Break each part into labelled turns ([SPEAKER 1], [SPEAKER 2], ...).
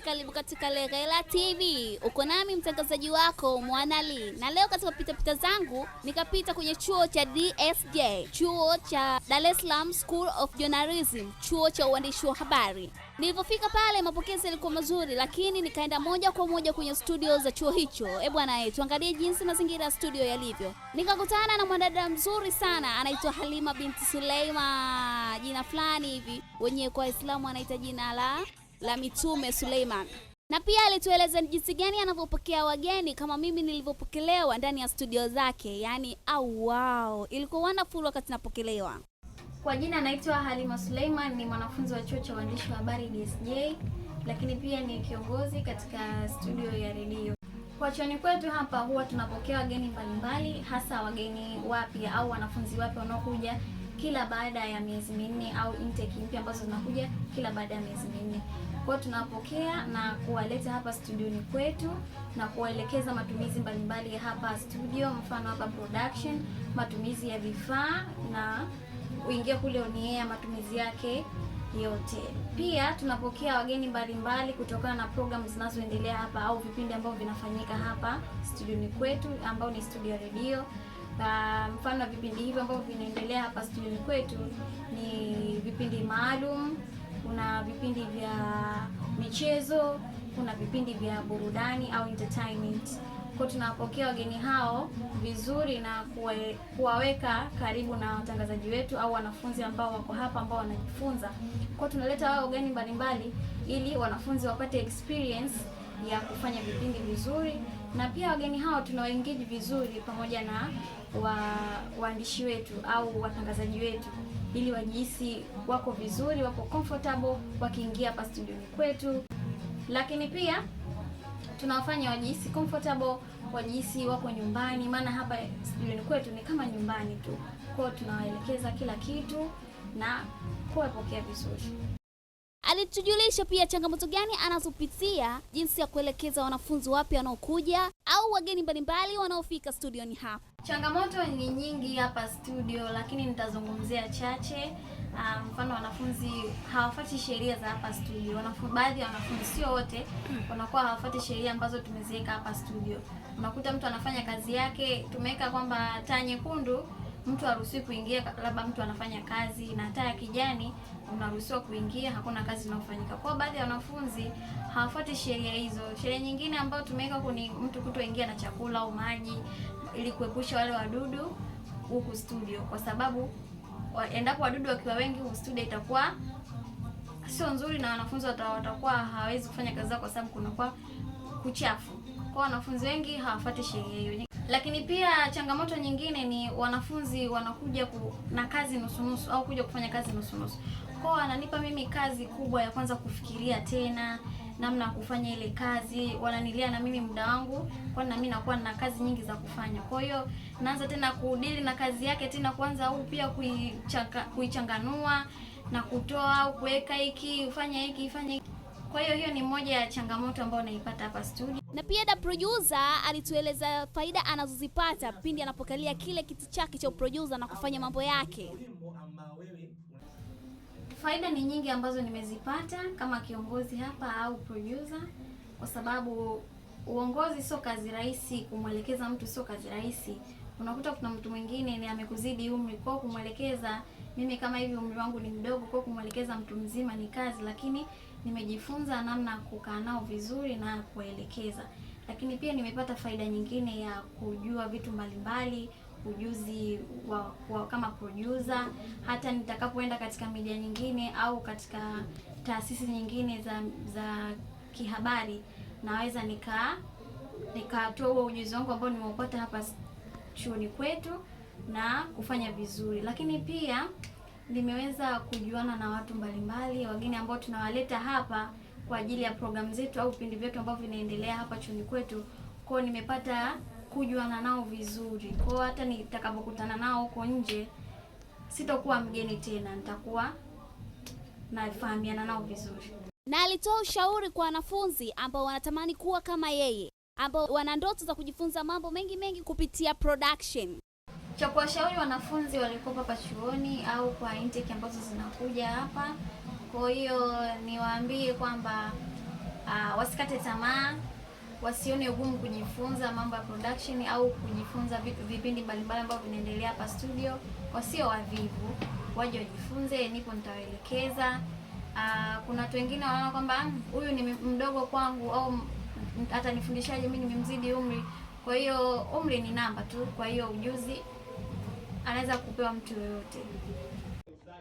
[SPEAKER 1] karibu katika Legela TV. Uko nami mtangazaji wako Mwanali, na leo katika pitapita zangu nikapita kwenye chuo cha DSJ, chuo cha Dar es Salaam School of Journalism, chuo cha uandishi wa habari. Nilipofika pale mapokezi yalikuwa mazuri, lakini nikaenda moja kwa moja kwenye studio za chuo hicho. E bwana, eh, tuangalie jinsi mazingira ya studio yalivyo. Nikakutana na mwanadada mzuri sana anaitwa Halima binti Suleima, jina fulani hivi, wenyewe kwa Waislamu anaita jina la la Mitume Suleiman na pia alitueleza jinsi gani anavyopokea wageni kama mimi nilivyopokelewa ndani ya studio zake, yaani au wow, ilikuwa wonderful wakati napokelewa.
[SPEAKER 2] Kwa jina anaitwa Halima Suleiman, ni mwanafunzi wa chuo cha uandishi wa habari DSJ, lakini pia ni kiongozi katika studio ya redio. Kwa chuoni kwetu hapa huwa tunapokea wageni mbalimbali, hasa wageni wapya au wanafunzi wapya wanaokuja kila baada ya miezi minne au intake mpya ambazo zinakuja kila baada ya miezi minne. Kwa hiyo tunapokea na kuwaleta hapa studioni kwetu na kuwaelekeza matumizi mbalimbali hapa studio, mfano hapa production, matumizi ya vifaa na uingia kule oniea matumizi yake yote. Pia tunapokea wageni mbalimbali kutokana na programu zinazoendelea hapa au vipindi ambavyo vinafanyika hapa studioni kwetu ambao ni studio redio. Mfano um, vipindi hivyo ambavyo vinaendelea hapa studioni kwetu ni vipindi maalum, kuna vipindi vya michezo kuna vipindi vya burudani au entertainment. Kwa tunapokea wageni hao vizuri na kuwe, kuwaweka karibu na watangazaji wetu au wanafunzi ambao wako hapa ambao wanajifunza. Kwa tunaleta wao wageni mbalimbali ili wanafunzi wapate experience ya kufanya vipindi vizuri na pia wageni hao tunawaengage vizuri pamoja na wa, waandishi wetu au watangazaji wetu ili wajihisi wako vizuri, wako comfortable wakiingia hapa studio kwetu lakini pia tunawafanya wajihisi comfortable, wajihisi wako nyumbani, maana hapa studioni kwetu ni kama nyumbani tu. Kwao tunawaelekeza kila kitu na kuwapokea vizuri.
[SPEAKER 1] Alitujulisha pia changamoto gani anazopitia, jinsi ya kuelekeza wanafunzi wapya wanaokuja au wageni mbalimbali wanaofika studioni hapa.
[SPEAKER 2] Changamoto ni nyingi hapa studio, lakini nitazungumzia chache. Ah, mfano um, wanafunzi hawafuati sheria za hapa studio. Wanafunzi, baadhi ya wanafunzi, sio wote, hmm. wanakuwa hawafuati sheria ambazo tumeziweka hapa studio. Unakuta mtu anafanya kazi yake, tumeweka kwamba taa nyekundu mtu haruhusiwi kuingia, labda mtu anafanya kazi na taa ya kijani unaruhusiwa kuingia, hakuna kazi inayofanyika. Kwa baadhi ya wanafunzi hawafuati sheria hizo. Sheria nyingine ambayo tumeweka kuni mtu kutoingia na chakula au maji, ili kuepusha wale wadudu huku studio, kwa sababu endapo wadudu wakiwa wengi, studio itakuwa sio nzuri na wanafunzi watakuwa hawezi kufanya kazi zao kwa sababu kunakuwa kuchafu. Kwa wanafunzi wengi hawafuati sheria hiyo. Lakini pia changamoto nyingine ni wanafunzi wanakuja ku, na kazi nusu nusu au kuja kufanya kazi nusu nusu. Kwa wananipa mimi kazi kubwa ya kwanza kufikiria tena namna ya kufanya ile kazi, wananilia na mimi muda wangu, kwani na mimi nakuwa na kazi nyingi za kufanya. Kwa hiyo naanza tena kudili na kazi yake tena, kuanza au pia kuichanganua na kutoa au kuweka hiki ufanye hiki ifanye hiki. Kwa hiyo hiyo ni moja ya changamoto ambayo naipata hapa studio.
[SPEAKER 1] Na pia da producer alitueleza faida anazozipata pindi anapokalia kile kiti chake cha producer na kufanya mambo yake.
[SPEAKER 2] Faida ni nyingi ambazo nimezipata kama kiongozi hapa au producer, kwa sababu uongozi sio kazi rahisi, kumwelekeza mtu sio kazi rahisi. Unakuta kuna mtu mwingine ni amekuzidi umri, kwa kumwelekeza mimi kama hivi umri wangu ni mdogo, kwa kumwelekeza mtu mzima ni kazi, lakini nimejifunza namna kukaa nao vizuri na kuelekeza. Lakini pia nimepata faida nyingine ya kujua vitu mbalimbali ujuzi wa, wa kama producer, hata nitakapoenda katika media nyingine au katika taasisi nyingine za za kihabari naweza nika nikatoa huo ujuzi wangu ambao nimeupata hapa chuoni kwetu na kufanya vizuri, lakini pia nimeweza kujuana na watu mbalimbali wageni ambao tunawaleta hapa kwa ajili ya programu zetu au vipindi vyetu ambavyo vinaendelea hapa chuoni kwetu kwao nimepata kujuana nao vizuri. Kwa hiyo hata nitakapokutana nao huko nje sitakuwa mgeni tena, nitakuwa nafahamiana nao vizuri.
[SPEAKER 1] Na alitoa ushauri kwa wanafunzi ambao wanatamani kuwa kama yeye, ambao wana ndoto za kujifunza mambo mengi mengi kupitia production.
[SPEAKER 2] Cha kuwashauri wanafunzi walioko hapa chuoni au kwa intake ambazo zinakuja hapa, kwa hiyo niwaambie kwamba uh, wasikate tamaa wasione ugumu kujifunza mambo ya production au kujifunza vipindi mbalimbali ambavyo vinaendelea hapa studio. Wasio wavivu waje wajifunze, nipo nitawaelekeza. Ah, kuna watu wengine wanaona kwamba ah, huyu ni mdogo kwangu au hata nifundishaje mimi nimemzidi umri. Kwa hiyo umri ni namba tu, kwa hiyo ujuzi anaweza kupewa mtu yoyote.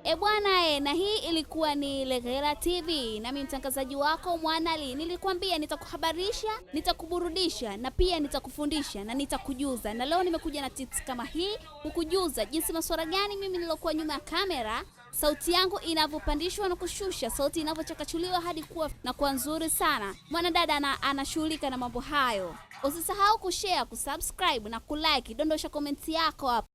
[SPEAKER 1] E bwana e, na hii ilikuwa ni legera TV, nami mtangazaji wako Mwanali. Nilikwambia nitakuhabarisha, nitakuburudisha na pia nitakufundisha na nitakujuza, na leo nimekuja na tips kama hii kukujuza jinsi masuala gani mimi nilokuwa nyuma ya kamera sauti yangu inavyopandishwa na kushusha, sauti inavyochakachuliwa hadi kuwa na kuwa nzuri sana. Mwanadada anashughulika na mambo hayo. Usisahau kushare, kusubscribe na kulike. Dondosha komenti yako hapa.